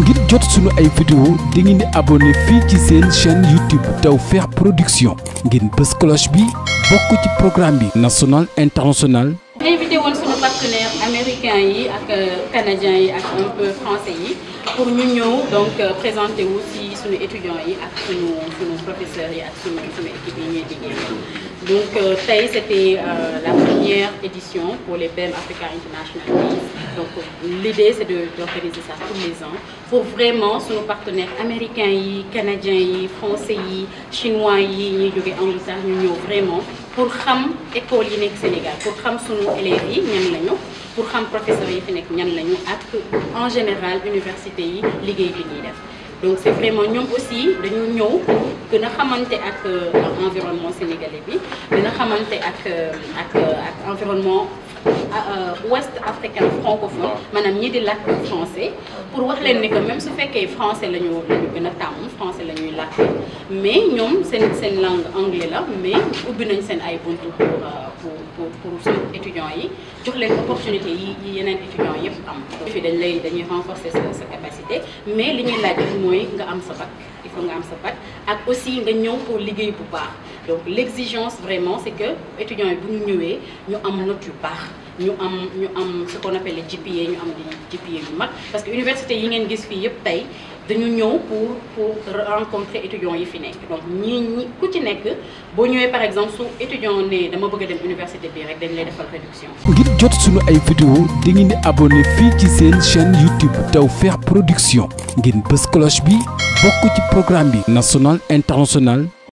ngir jot sunu ay vidéo di ngeen di abonné fii ci seen chaîne YouTube Tawfekh Production ngeen bës cloche bi bokk ci programme bi national international invité woon sunu partenaire américain yi ak euh, canadien yi ak un français yi pour ñu ñëw donc euh, wu si sunu étudiants yi ak sunu sunu yi ak sunu sunu yi ñuy liggéey donc euh, tey la première édition pour les BEM Africa International Days donc l'idée c'est d'organiser ça tous les ans pour vraiment suñu partenaires américains yi canadiens yi français yi chinois yi ñuy jógee Angleterre ñu ñëw vraiment pour xam école yi nekk Sénégal pour xam suñu élèves yi ñan lañu pour xam professeurs yi fi nekk ñan lañu ak en général université yi liggéey bi ñuy def donc c'est vraiment ñoom aussi dañu ñëw gën a xamante ak euh, environnement sénégalais bi gën xamante ak euh, ak euh, ak environnement Euh, ouest africain francophone ah. maanaam ñi di làkk français pour wax leen ni que même su fekkee français la ñu la ñu gën a tàmm français la ñuy làkk mais ñoom seen seen langue anglais la mais ubbi nañ seen ay buntu pour euh, pour pour suñu étudiants yi jox leen opportunité yi yi yeneen étudiants yëpp am fi dañ lay dañuy renforcer sa sa capacité mais li ñuy laaj mooy nga am sa bac il faut nga am sa bac ak aussi nga ñëw pour liggéey bu baax donc l'exigence vraiment c'est que étudiants yi bu ñu ñëwee ñu am note yu baax ñu am ñu am ce qu'on appelle GPA ñu am di GPA yu mag parce que université yi ngeen gis fii yëpp tey dañu ñëw pour pour rencontrer étudiants yi fi nekk donc ñii ñi ku ci nekk boo ñëwee par exemple su étudiant ne dama bëgg a dem université bi rek dañ lay defal réduction. ngir jot suñu ay vidéo di ngeen di abonné fii ci seen chaîne YouTube Tawfekh Production ngeen bës cloche bi bokk ci programme bi national international.